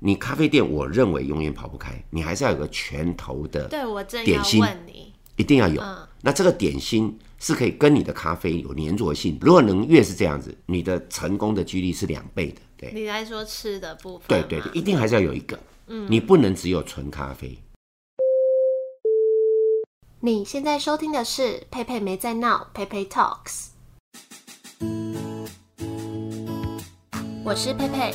你咖啡店，我認為永遠跑不開，你還是要有個拳頭的點心，一定要有。嗯、那這個點心是可以跟你的咖啡有粘着性，如果能越是這樣子，你的成功的幾率是兩倍的。對你來說，吃的部分，對對對，一定還是要有一個，嗯，你不能只有純咖啡。你現在收聽的是佩佩沒在鬧，佩佩 Talks，我是佩佩。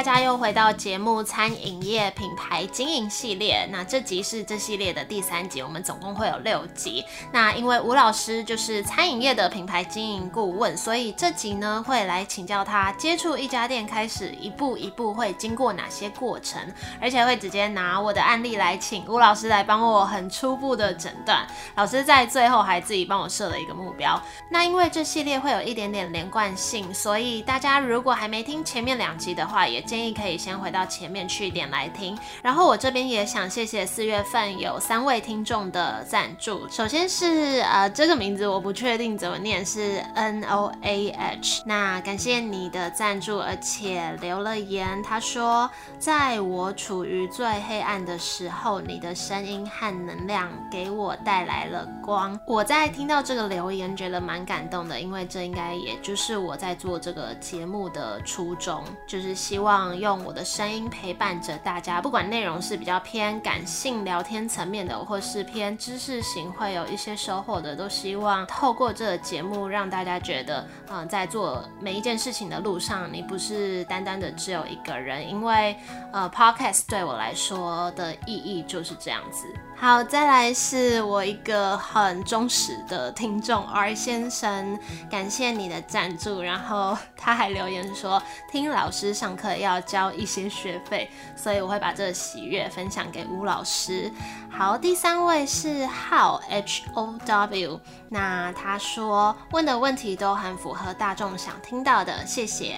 大家又回到節目《餐飲業品牌經營》系列，那這集是這系列的第三集，我們總共會有六集。那因為吳老師就是餐飲業的品牌經營顧問，所以這集呢會來請教他接觸一家店開始一步一步會經過哪些過程，而且會直接拿我的案例來請吳老師來幫我很初步的診斷。老師在最後還自己幫我設了一個目標。那因為這系列會有一點點連貫性，所以大家如果還沒聽前面兩集的話，也，建議可以先回到前面去一點來聽。然後我這邊也想謝謝四月份有三位聽眾的贊助。首先是呃，這個名字我不確定怎麼念，是 N、O、A、H，那感謝你的贊助，而且留了言，他說在我處於最黑暗的時候，你的聲音和能量給我帶來了光。我在聽到這個留言覺得蠻感動的，因為這應該也就是我在做這個節目的初衷，就是希望。用我的聲音陪伴着大家，不管內容是比較偏感性聊天層面的，或是偏知識型，會有一些收穫的，都希望透過這個節目，讓大家覺得，嗯、呃，在做每一件事情的路上，你不是單單的只有一個人，因為，呃，Podcast 對我來說的意義就是這樣子。好，再來是我一個很忠實的聽眾，R 先生，感謝你的贊助。然後他還留言說，聽老師上課要交一些學費，所以我會把這個喜悅分享給吳老師。好，第三位是 How H O W，那他說，問的問題都很符合大眾想聽到的，謝謝。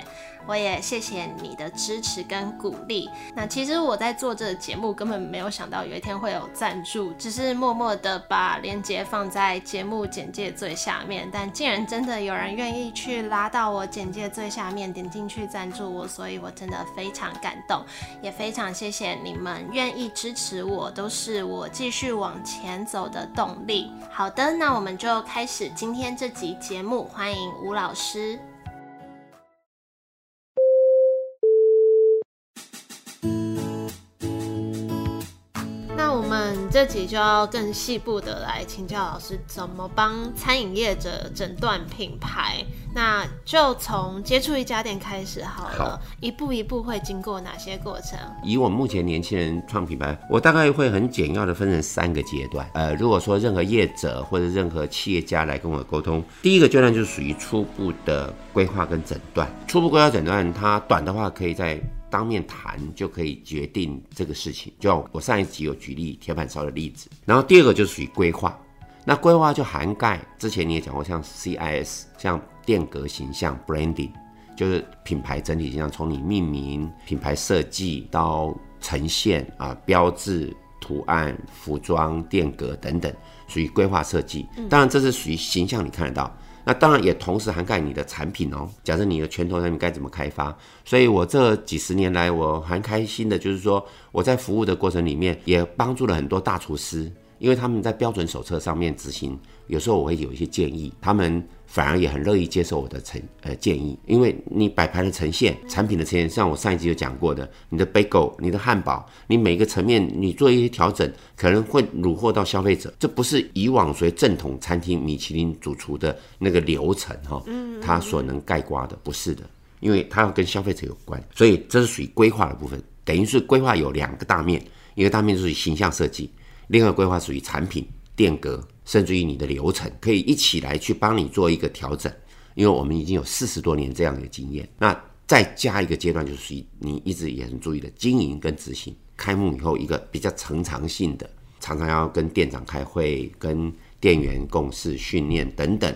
我也謝謝你的支持跟鼓勵。那其實我在做這個節目，根本沒有想到有一天會有贊助，只是默默的把鏈接放在節目簡介最下面。但竟然真的有人願意去拉到我簡介最下面，點進去贊助我，所以我真的非常感動，也非常謝謝你們願意支持我，都是我繼續往前走的動力。好的，那我們就開始今天這集節目，歡迎吳老師。這集就要更細部的來請教老師，怎麼幫餐飲業者診斷品牌？那就從接觸一家店開始好了，好一步一步會經過哪些過程？以我目前年輕人創品牌，我大概會很簡要的分成三個階段。呃，如果說任何業者或者任何企業家來跟我溝通，第一個階段就是屬於初步的規劃跟診斷，初步規劃診斷它短的話可以在當面談就可以決定這個事情，就我上一集有舉例鐵板燒的例子。然後第二個就是屬於規劃，那規劃就涵蓋之前你也講過，像 CIS、像店格形象、branding，就是品牌整體形象，從你命名、品牌設計到呈現啊、標誌、圖案、服裝、店格等等，屬於規劃設計。當然這是屬於形象，你看得到。那當然也同時涵蓋你的產品哦。假設你的拳頭產品該怎麼開發？所以我這幾十年來，我很開心的就是說，我在服務的過程裡面也幫助了很多大廚師，因為他們在標準手冊上面執行，有時候我會有一些建議，他們。反而也很樂意接受我的呈呃建議，因為你擺盤的呈現、產品的呈現，像我上一集有講過的，你的 BAGEL 你的漢堡，你每個層面你做一些調整，可能會虜獲到消費者。這不是以往所謂正統餐廳米其林主廚的那個流程哈，嗯、哦，他所能概括的不是的，因為他要跟消費者有關，所以這是屬於規劃的部分，等於是規劃有兩個大面，一個大面是屬於形象設計，另外規劃屬於產品店格。甚至於你的流程可以一起來去幫你做一個調整，因為我們已經有四十多年這樣的經驗。那再加一個階段，就是你一直也很注意的經營跟執行。開幕以後一個比較成長性的，常常要跟店長開會、跟店員共事訓練等等，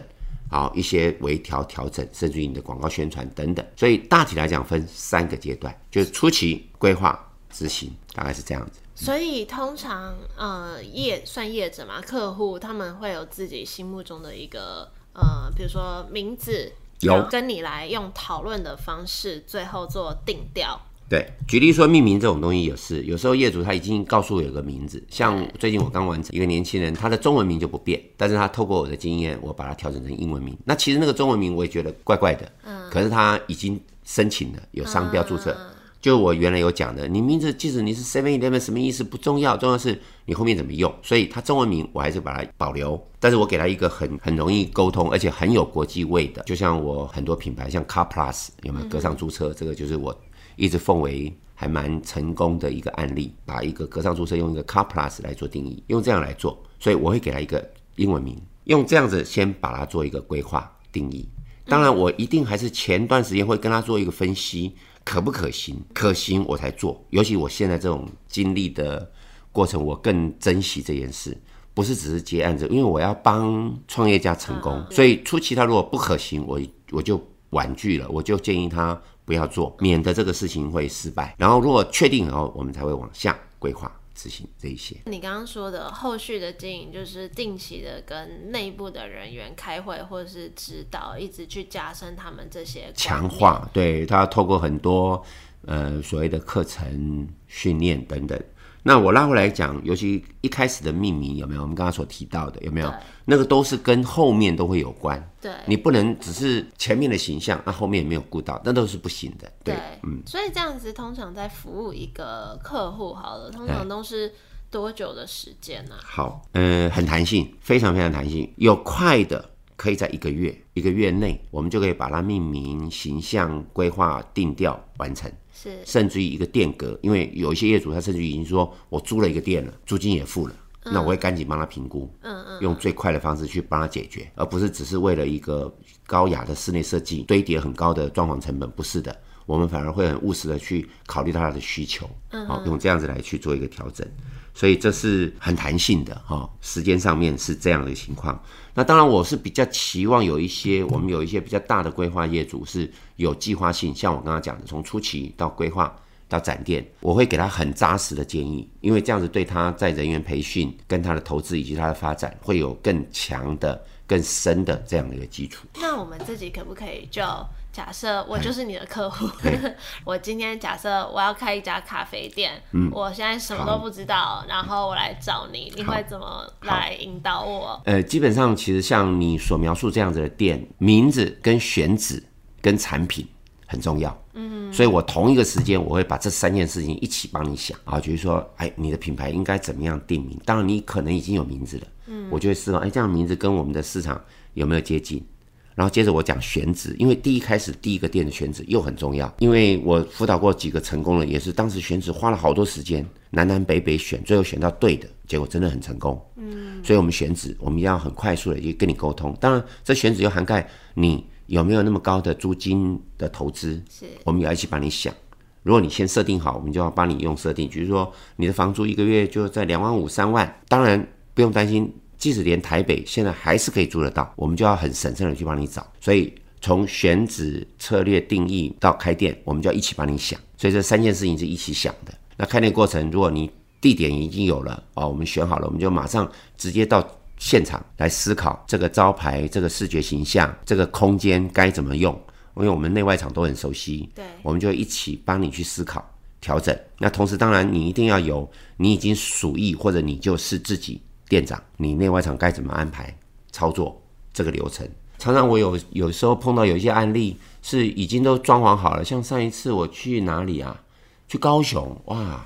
好一些微調調整，甚至於你的廣告宣傳等等。所以大體來講分三個階段，就是初期規劃、執行，大概是這樣子。所以通常，呃、嗯，業算業者嘛，客戶他們會有自己心目中的一個，呃，比如說名字，有跟你來用討論的方式，最後做定調。對，舉例說命名這種東西也是，有時候業主他已經告訴我有個名字，像最近我剛完成一個年輕人，他的中文名就不變，但是他透過我的經驗，我把它調整成英文名。那其實那個中文名我也覺得怪怪的，嗯，可是他已經申請了有商標注冊。嗯，嗯。就我原來有講的，你名字即使你是 Seven Eleven 什麼意思不重要，重要是你後面怎麼用。所以它中文名我還是把它保留，但是我給它一個很很容易溝通，而且很有國際味的。就像我很多品牌，像 Car Plus 有沒有？格上租車、嗯、這個就是我一直奉為還蠻成功的一個案例，把一個格上租車用一個 Car Plus 來做定義，用這樣來做。所以我會給它一個英文名，用這樣子先把它做一個規劃定義。當然，我一定還是前段時間會跟他做一個分析。可不可行？可行我才做。尤其我現在這種經歷的過程，我更珍惜這件事。不是只是接案子，因為我要幫創業家成功。所以初期他如果不可行，我我就婉拒了，我就建議他不要做，免得這個事情會失敗。然後如果確定以後，我們才會往下規劃。執行這一些，你剛剛說的後續的經營，就是定期的跟內部的人員開會，或是指導，一直去加深他們這些強化。對，他透過很多呃所謂的課程訓練等等。那我拉回來講，尤其一開始的命名有沒有？我們剛剛所提到的有沒有？對那個都是跟後面都會有關。對，你不能只是前面的形象，那、啊、後面也沒有顧到，那都是不行的。對，嗯，所以這樣子通常在服務一個客戶，好了，通常都是多久的時間呢、啊？好，嗯、呃，很彈性，非常非常彈性，有快的可以在一個月一個月內，我們就可以把它命名、形象規劃、定調完成。是，甚至於一個店隔，因為有一些業主，他甚至於已經說我租了一個店了，租金也付了，嗯、那我會趕緊幫他評估，嗯，嗯嗯用最快的方式去幫他解決，而不是只是為了一個高雅的室內設計，堆疊很高的裝潢成本，不是的。我們反而會很務實的去考慮到他的需求，好、嗯、哼用這樣子來去做一個調整，所以這是很彈性的哈、哦。時間上面是這樣的情況。那當然，我是比較期望有一些我們有一些比較大的規劃業主是有計劃性，像我剛剛講的，從初期到規劃到展店，我會給他很扎實的建議，因為這樣子對他在人員培訓、跟他的投資以及他的發展，會有更強的、更深的這樣的一個基礎。那我們自己可不可以就？假設我就是你的客戶，唉 我今天假設我要開一家咖啡店，嗯、我現在什麼都不知道，好然後我來找你，好你會怎麼來引導我？呃，基本上其實像你所描述這樣子的店，名字、跟選址、跟產品很重要。嗯，所以我同一個時間我會把這三件事情一起幫你想啊，就是說，哎，你的品牌應該怎麼樣定名？當然你可能已經有名字了，嗯，我就會思考，哎，這樣名字跟我們的市場有沒有接近？然後接着我講選址，因為第一開始第一個店的選址又很重要，因為我輔導過幾個成功了，嗯、也是當時選址花了好多時間，南南北北選，最後選到對的，結果真的很成功。嗯，所以我們選址，我們要很快速的去跟你溝通。當然，這選址又涵蓋你有沒有那麼高的租金的投資，是我們也要一起幫你想。如果你先設定好，我們就要幫你用設定，比如說你的房租一個月就在兩萬五、三萬，當然不用擔心。即使連台北現在還是可以租得到，我們就要很審慎的去幫你找。所以從選址策略定義到開店，我們就要一起幫你想。所以這三件事情是一起想的。那開店過程，如果你地點已經有了啊、哦，我們選好了，我們就馬上直接到現場來思考這個招牌、這個視覺形象、這個空間該怎麼用，因為我們內外場都很熟悉，對，我們就一起幫你去思考調整。那同時，當然你一定要有你已經屬意，或者你就是自己。店長，你內外場該怎麼安排操作這個流程？常常我有有時候碰到有一些案例是已經都裝潢好了，像上一次我去哪裡啊？去高雄哇，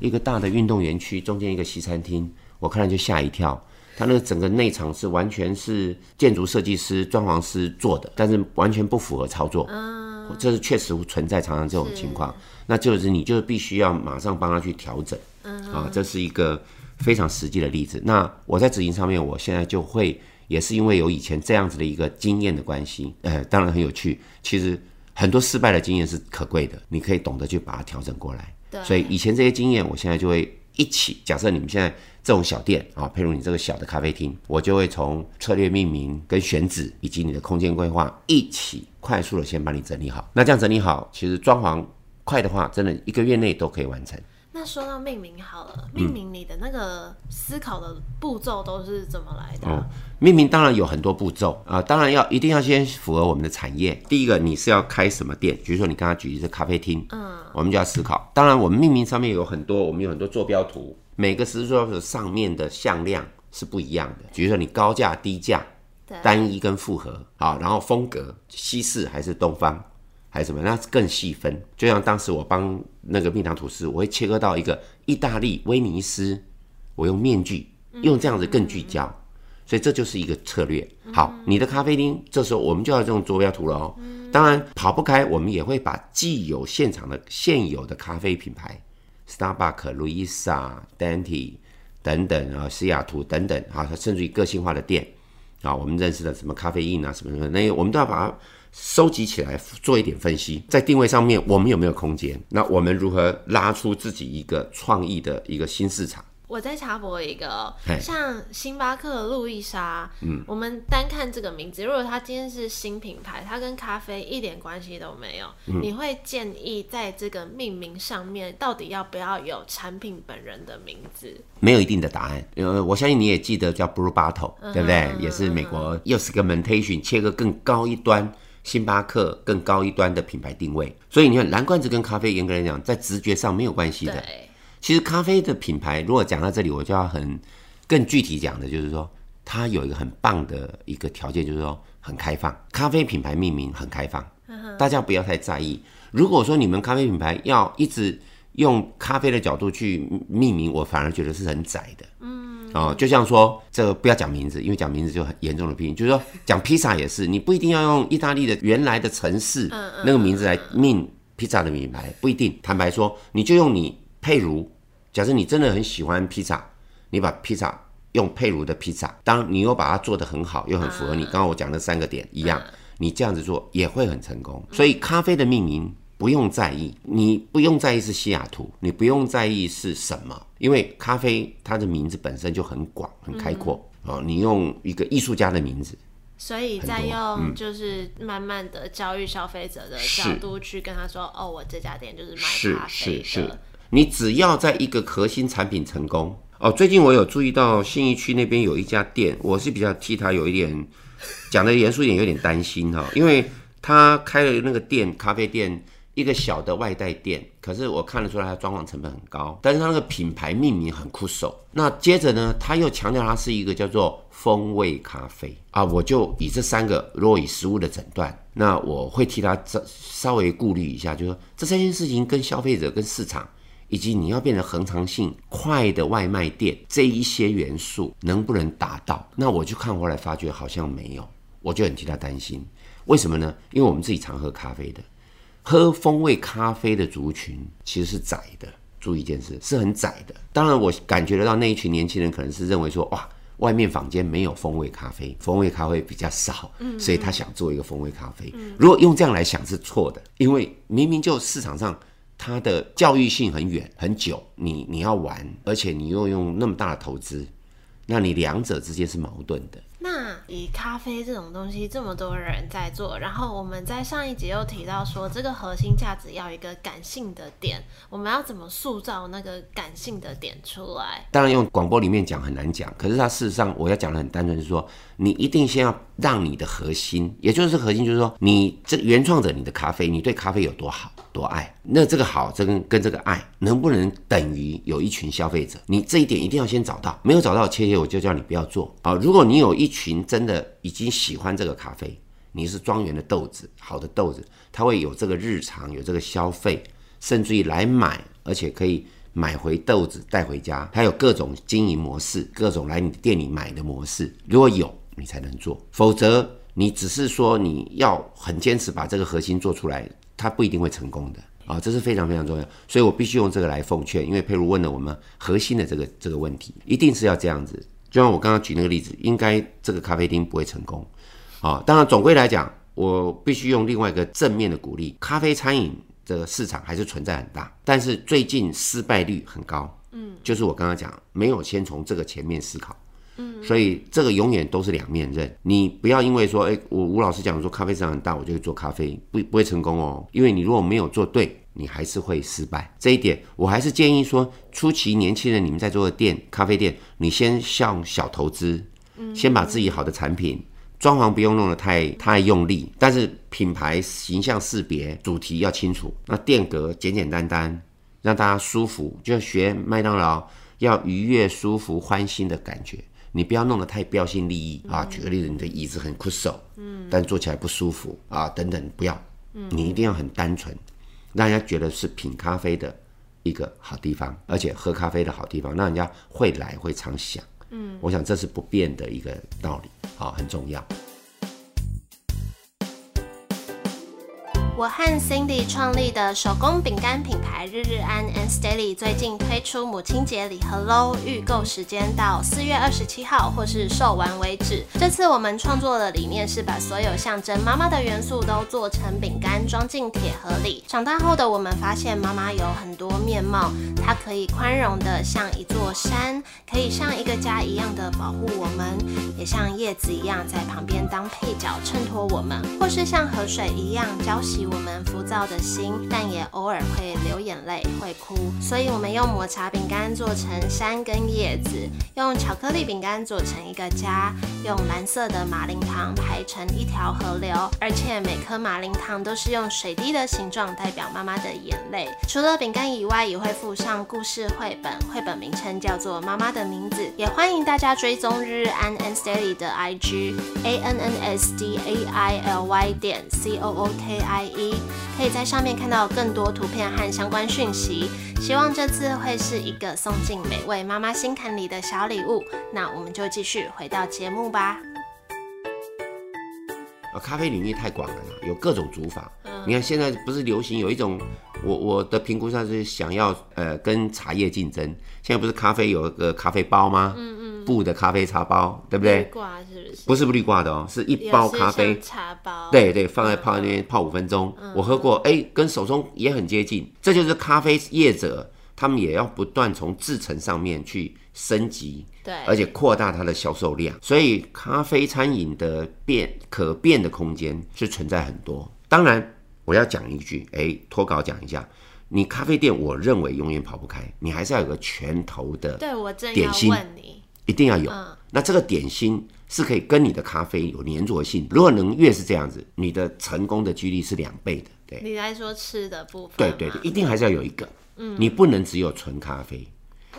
一個大的運動園區中間一個西餐廳，我看了就嚇一跳。他那個整個內場是完全是建築設計師裝潢師做的，但是完全不符合操作。嗯，這是確實存在常常這種情況。是那就是你就必須要馬上幫他去調整。嗯，啊，這是一個。非常實際的例子。那我在執行上面，我現在就會也是因為有以前這樣子的一個經驗的關係，呃，當然很有趣。其實很多失敗的經驗是可貴的，你可以懂得去把它調整過來。對。所以以前這些經驗，我現在就會一起。假設你們現在這種小店啊，譬如你這個小的咖啡廳，我就會從策略命名、跟選址以及你的空間規劃一起快速的先幫你整理好。那這樣整理好，其實裝潢快的話，真的一個月內都可以完成。那說到命名好了，命名你的那個思考的步驟都是怎麼來的、啊嗯？命名當然有很多步驟啊、呃，當然要一定要先符合我們的產業。第一個，你是要開什麼店？比如說你剛剛舉一個咖啡廳，嗯，我們就要思考。當然，我們命名上面有很多，我們有很多坐標圖，每個十字坐標圖上面的向量是不一樣的。比如說你高價、低價，對單一跟複合，啊，然後風格，西式還是東方。還是什麼？那更細分，就像當時我幫那個蜜糖吐司，我會切割到一個意大利威尼斯，我用面具，用這樣子更聚焦，嗯、所以這就是一個策略。嗯、好，你的咖啡廳，這時候我們就要用坐標圖了哦。嗯、當然跑不開，我們也會把既有現場的現有的咖啡品牌，Starbucks、Luisa、Dante 等等啊，西雅圖等等啊，甚至於個性化的店啊，我們認識的什麼咖啡因啊，什麼什麼，那我們都要把它。收集起來做一點分析，在定位上面我們有沒有空間？那我們如何拉出自己一個創意的一個新市場？我再插播一個、喔，嘿像星巴克、路易莎，嗯，我們單看這個名字，如果它今天是新品牌，它跟咖啡一點關係都沒有，嗯、你會建議在這個命名上面到底要不要有產品本人的名字？沒有一定的答案，我相信你也記得叫 Blue Bottle，、嗯、對不對？嗯嗯、也是美國，又 Segmentation 切割更高一端。星巴克更高一端的品牌定位，所以你看藍罐子跟咖啡嚴格來講，在直覺上沒有關係的。對其實咖啡的品牌，如果講到這裡，我就要很更具體講的，就是說它有一個很棒的一個條件，就是說很開放。咖啡品牌命名很開放，大家不要太在意。如果說你們咖啡品牌要一直用咖啡的角度去命名，我反而覺得是很窄的。哦，就像說，這個不要講名字，因為講名字就很嚴重的批評。就是說，講披薩也是，你不一定要用意大利的原來的城市那個名字來命披薩的名牌，不一定。坦白說，你就用你佩如，假設你真的很喜歡披薩，你把披薩用佩如的披薩，當你又把它做得很好，又很符合你、嗯、剛剛我講的三個點一樣，你這樣子做也會很成功。所以咖啡的命名。不用在意，你不用在意是西雅圖，你不用在意是什麼，因為咖啡它的名字本身就很廣、很開闊啊、嗯哦。你用一個藝術家的名字，所以再用、嗯、就是慢慢的教育消費者的角度去跟他說：“是哦，我這家店就是賣咖啡的是，是，是，是、嗯、你只要在一個核心產品成功哦。最近我有注意到信義區那邊有一家店，我是比較替他有一點講得嚴肅一點，有點擔心哈、哦，因為他開了那個店咖啡店。一個小的外帶店，可是我看得出來它裝潢成本很高，但是它那個品牌命名很酷手。那接着呢，他又強調它是一個叫做風味咖啡啊。我就以這三個，若以食物的診斷，那我會替他這稍微顧慮一下，就說，這三件事情跟消費者、跟市場，以及你要變成恆常性快的外賣店這一些元素能不能達到？那我就看回來發覺好像沒有，我就很替他擔心。為什麼呢？因為我們自己常喝咖啡的。喝風味咖啡的族群其實是窄的，注意一件事，是很窄的。當然，我感覺得到那一群年輕人可能是認為說，哇，外面坊間沒有風味咖啡，風味咖啡比較少，所以他想做一個風味咖啡。嗯嗯。如果用這樣來想是錯的，嗯、因為明明就市場上它的教育性很遠很久，你你要玩，而且你又用那麼大的投資，那你兩者之間是矛盾的。以咖啡這種東西，這麼多人在做，然後我們在上一集又提到說，這個核心價值要一個感性的點，我們要怎麼塑造那個感性的點出來？當然，用廣播裡面講很難講，可是它事實上我要講的很單純，是說，你一定先要讓你的核心，也就是核心就是說，你這原創者你的咖啡，你對咖啡有多好多愛，那這個好，這跟跟這個愛能不能等於有一群消費者？你這一點一定要先找到，沒有找到切切，我就叫你不要做。好，如果你有一群真的已經喜歡這個咖啡，你是莊園的豆子，好的豆子，他會有這個日常，有這個消費，甚至於來買，而且可以買回豆子帶回家，還有各種經營模式，各種來你店裡買的模式，如果有你才能做，否則你只是說你要很堅持把這個核心做出來，它不一定會成功的啊、哦，這是非常非常重要，所以我必須用這個來奉勸，因為佩如問了我們核心的這個這個問題，一定是要這樣子。因為我剛剛舉那個例子，應該這個咖啡廳不會成功，啊、哦，當然總歸來講，我必須用另外一個正面的鼓勵，咖啡餐飲這個市場還是存在很大，但是最近失敗率很高，嗯，就是我剛剛講，沒有先從這個前面思考，嗯，所以這個永遠都是兩面刃，你不要因為說，誒，我吳老師講說咖啡市場很大，我就去做咖啡，不不會成功哦，因為你如果沒有做對。你還是會失敗，這一點我還是建議說，初期年輕人你們在做的店咖啡店，你先向小投資，嗯嗯，先把自己好的產品，裝潢不用弄得太太用力，嗯、但是品牌形象識別主題要清楚，那店格簡簡單單，讓大家舒服，就學麥當勞，要愉悅、舒服、歡欣的感覺，你不要弄得太標新立異啊。舉個例子，你的椅子很苦手，嗯，但坐起來不舒服啊，等等，不要，嗯，你一定要很單純。嗯嗯讓人家覺得是品咖啡的一個好地方，而且喝咖啡的好地方，讓人家會來會常想，嗯，我想這是不變的一個道理，好、哦，很重要。我和 Cindy 創立的手工餅乾品牌日日安 Ann's Daily 最近推出母親節禮盒嘍，預購時間到四月二十七號或是售完為止。這次我們創作的理念是把所有象徵媽媽的元素都做成餅乾，裝進鐵盒裡。長大後的我們發現，媽媽有很多面貌，她可以寬容的像一座山，可以像一個家一樣的保護我們，也像葉子一樣在旁邊當配角襯托我們，或是像河水一樣澆熄。我們浮躁的心，但也偶爾會流眼淚，會哭。所以，我們用抹茶餅乾做成山跟葉子，用巧克力餅乾做成一個家，用藍色的馬林糖排成一條河流，而且每顆馬林糖都是用水滴的形狀代表媽媽的眼淚。除了餅乾以外，也會附上故事繪本，繪本名稱叫做《媽媽的名字》。也歡迎大家追蹤日日安 Ann's Daily 的 IG a n n s d a i l y 點 c o o k i e。一可以在上面看到更多圖片和相關訊息，希望這次會是一個送進每位媽媽心坎裡的小禮物。那我們就繼續回到節目吧。咖啡領域太廣了，有各種煮法。嗯。你看現在不是流行有一種，我我的評估上是想要呃跟茶葉競爭。現在不是咖啡有一個咖啡包嗎？嗯嗯。布的咖啡茶包，對不對？不是不,是不是不濾掛的哦，是一包咖啡茶包。對對,對，放在泡那邊、嗯、泡五分鐘。嗯、我喝過，哎，跟手沖也很接近。這就是咖啡業者，他們也要不斷從製程上面去升級，對，而且擴大它的銷售量。所以咖啡餐飲的變可變的空間是存在很多。當然，我要講一句，哎，脫稿講一下，你咖啡店，我認為永遠跑不開，你還是要有個拳頭的點心。對，我正要問你。一定要有，嗯、那這個點心是可以跟你的咖啡有黏着性。如果能越是這樣子，你的成功的幾率是兩倍的。對你來說，吃的部分？對，對對，一定還是要有一個。嗯，你不能只有純咖啡。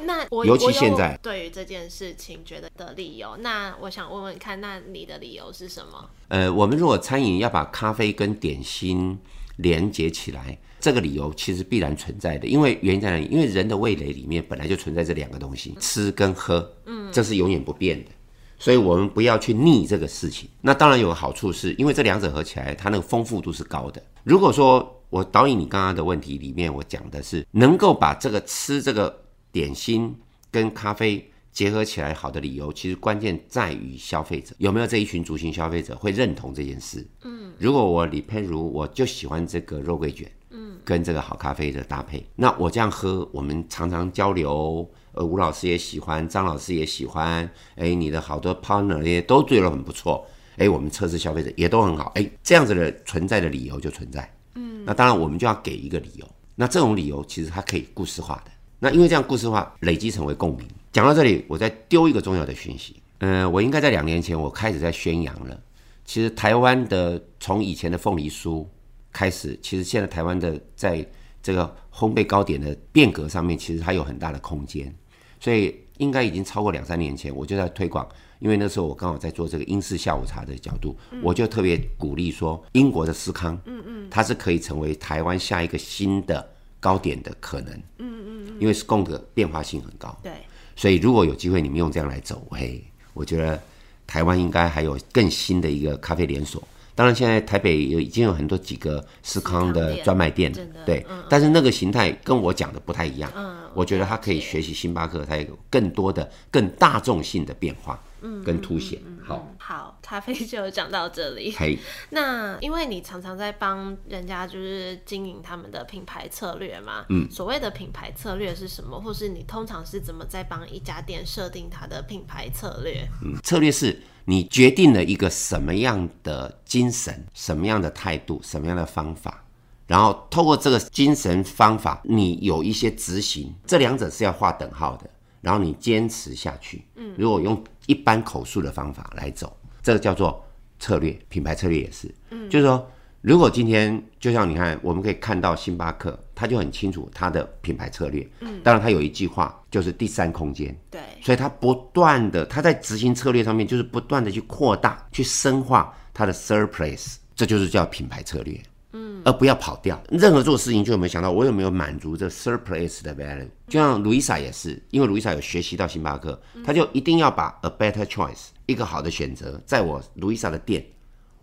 那我尤其現在對於這件事情覺得的理由，那我想問問看，那你的理由是什麼？呃，我們如果餐飲要把咖啡跟點心連接起來。這個理由其實必然存在的，因為原因在哪裡？因為人的味蕾裡面本來就存在這兩個東西，吃跟喝，嗯，這是永遠不變的。所以，我們不要去逆這個事情。那當然有個好處是，是因為這兩者合起來，它那個豐富度是高的。如果說我導演你剛剛的問題裡面，我講的是能夠把這個吃這個點心跟咖啡結合起來，好的理由其實關鍵在於消費者有沒有這一群族群消費者會認同這件事。嗯，如果我李佩如，我就喜歡這個肉桂卷。跟這個好咖啡的搭配，那我這樣喝，我們常常交流，呃，吳老師也喜歡，張老師也喜歡，哎，你的好多 partner 也都做得很不錯，哎，我們測試消費者也都很好，哎，這樣子的存在的理由就存在，嗯，那當然我們就要給一個理由，那這種理由其實它可以故事化的，那因為這樣故事化累積成為共鳴。講到這裡，我再丟一個重要的訊息，呃，我應該在兩年前我開始在宣揚了，其實台灣的從以前的鳳梨酥。開始，其實現在台灣的在這個烘焙糕點的變革上面，其實它有很大的空間，所以應該已經超過兩三年前，我就在推廣，因為那時候我剛好在做這個英式下午茶的角度，我就特別鼓勵說，英國的司康，嗯嗯，它是可以成為台灣下一個新的糕點的可能，嗯嗯，因為司康的變化性很高，對，所以如果有機會你們用這樣來走，嘿，我覺得台灣應該還有更新的一個咖啡連鎖。當然，現在台北有已經有很多幾個司康的專賣店、店，對，嗯、但是那個形態跟我講的不太一樣。嗯，我覺得它可以學習星巴克，它、嗯、有更多的、嗯、更大眾性的變化，跟凸顯。嗯嗯嗯、好，好，咖啡就講到這裡。嘿那因為你常常在幫人家就是經營他們的品牌策略嘛，嗯，所謂的品牌策略是什麼？或是你通常是怎麼在幫一家店設定它的品牌策略？嗯，策略是。你決定了一個什麼樣的精神，什麼樣的態度，什麼樣的方法，然後透過這個精神方法，你有一些執行，這兩者是要畫等號的。然後你堅持下去。嗯，如果用一般口述的方法來走，嗯，這個叫做策略，品牌策略也是。嗯，就是說，如果今天就像你看，我們可以看到星巴克。他就很清楚他的品牌策略，嗯，當然他有一句話就是第三空間，嗯、對，所以他不斷的他在執行策略上面就是不斷的去擴大、去深化他的 surprise，這就是叫品牌策略，嗯，而不要跑掉。任何做事情就有沒有想到我有沒有滿足這 surprise 的 value。就像 Louisa 也是，因為 Louisa 有學習到星巴克，嗯、他就一定要把 a better choice 一個好的選擇，在我 Louisa 的店，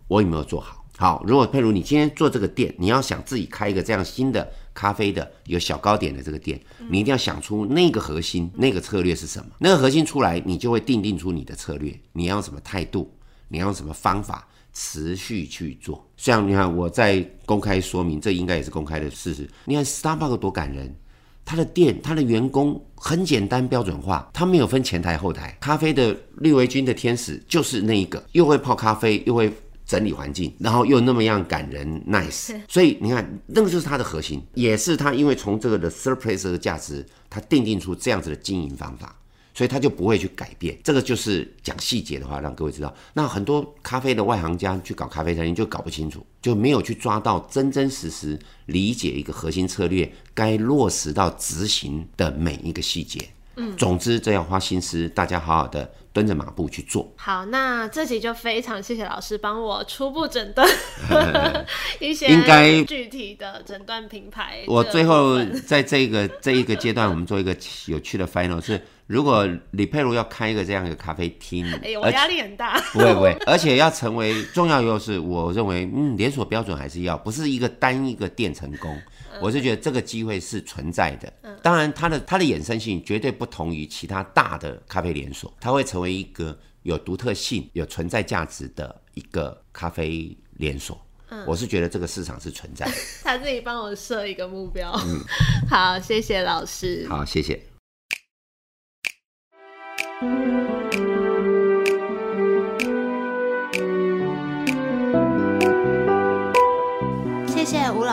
我有沒有做好？好，如果譬如你今天做這個店，你要想自己開一個這樣新的。咖啡的有小糕點的這個店，你一定要想出那個核心，那個策略是什麼？那個核心出來，你就會定定出你的策略。你要什麼態度？你要什麼方法持續去做？像你看，我在公開說明，這應該也是公開的事實。你看 Starbucks 多感人，他的店，他的員工很簡單標準化，他沒有分前台後台。咖啡的綠圍裙的天使就是那一個，又會泡咖啡，又會，整理環境，然後又那麼樣感人，nice。所以你看，那個就是它的核心，也是他因為從這個的 surprise 的價值，他訂定出這樣子的經營方法，所以他就不會去改變。這個就是講細節的話，讓各位知道。那很多咖啡的外行家去搞咖啡生意就搞不清楚，就沒有去抓到真真實實理解一個核心策略該落實到執行的每一個細節。嗯、總之這要花心思，大家好好的蹲着馬步去做。好，那這集就非常謝謝老師幫我初步診斷、嗯、 一些應該具體的診斷品牌。我最後在這個這一個階段，我們做一個有趣的 final 是，如果李佩茹要開一個這樣一個咖啡廳，哎、欸，我壓力很大。不會不會， 而且要成為重要優勢，我認為嗯，連鎖標準還是要，不是一個單一個店成功。我是覺得這個機會是存在的，當然它的它的衍生性絕對不同於其他大的咖啡連鎖，它會成為一個有獨特性、有存在價值的一個咖啡連鎖。我是覺得這個市場是存在的。他自己幫我設一個目標，嗯，好，謝謝老師，好，謝謝。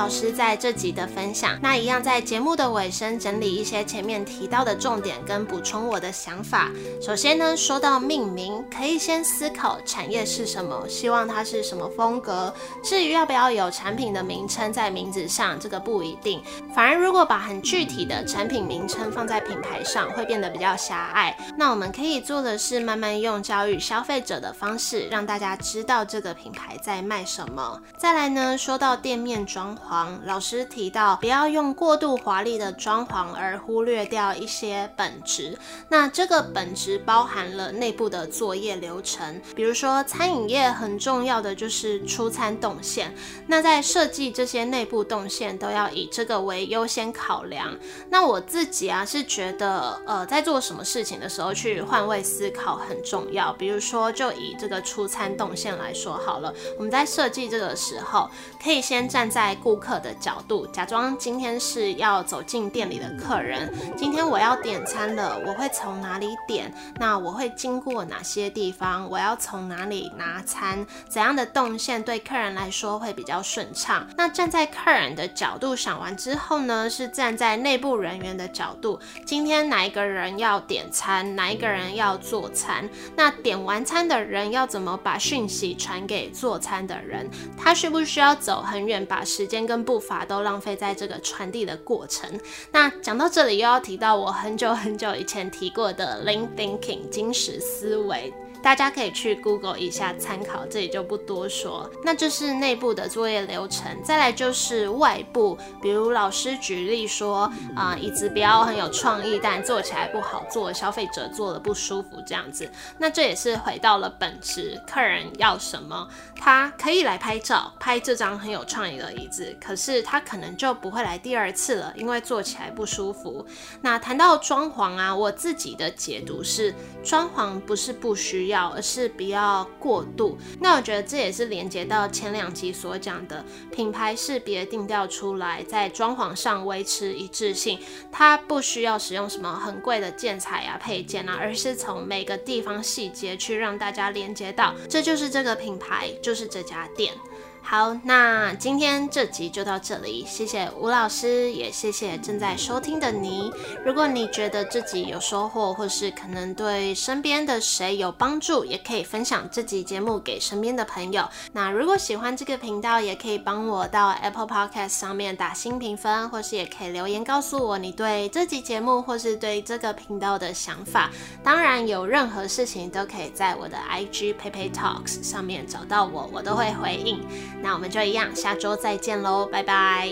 老師在這集的分享，那一樣在節目的尾聲整理一些前面提到的重點跟補充我的想法。首先呢，說到命名，可以先思考產業是什麼，希望它是什麼風格。至於要不要有產品的名稱在名字上，這個不一定。反而如果把很具體的產品名稱放在品牌上，會變得比較狹隘。那我們可以做的是，慢慢用教育消費者的方式，讓大家知道這個品牌在賣什麼。再來呢，說到店面裝潢。老師提到，不要用過度華麗的裝潢，而忽略掉一些本質。那這個本質包含了內部的作業流程，比如說餐飲業很重要的就是出餐動線。那在設計這些內部動線，都要以這個為優先考量。那我自己啊是覺得，呃，在做什麼事情的時候去換位思考很重要。比如說，就以這個出餐動線來說好了，我們在設計這個時候，可以先站在顧客的角度，假裝今天是要走進店裡的客人。今天我要點餐了，我會從哪裡點？那我會經過哪些地方？我要從哪裡拿餐？怎樣的動線對客人來說會比較順暢？那站在客人的角度想完之後呢，是站在內部人員的角度。今天哪一個人要點餐？哪一個人要做餐？那點完餐的人要怎麼把訊息傳給做餐的人？他需不需要走很遠，把時間跟步伐都浪費在這個傳遞的過程。那講到這裡，又要提到我很久很久以前提過的 Lean Thinking 精實思維。大家可以去 Google 一下參考，這裡就不多說了。那這是內部的作業流程，再來就是外部，比如老師舉例說，啊、呃，椅子不要很有創意，但坐起來不好坐，消費者坐的不舒服這樣子。那這也是回到了本質，客人要什麼，他可以來拍照，拍這張很有創意的椅子，可是他可能就不會來第二次了，因為坐起來不舒服。那談到裝潢啊，我自己的解讀是，裝潢不是不需要。而是不要過度。那我覺得這也是連接到前兩集所講的品牌識別定調出來，在裝潢上維持一致性。它不需要使用什麼很貴的建材啊、配件啊，而是從每個地方細節去讓大家連接到，這就是這個品牌，就是這家店。好，那今天這集就到這裡。謝謝吳老師，也謝謝正在收聽的你。如果你覺得自己有收穫，或是可能對身邊的誰有幫助，也可以分享這集節目給身邊的朋友。那如果喜歡這個頻道，也可以幫我到 Apple Podcast 上面打新評分，或是也可以留言告訴我你對這集節目，或是對這個頻道的想法。當然，有任何事情都可以在我的 IG PeiPei Talks 上面找到我，我都會回應。那我們就一樣，下週再見嘍，拜拜。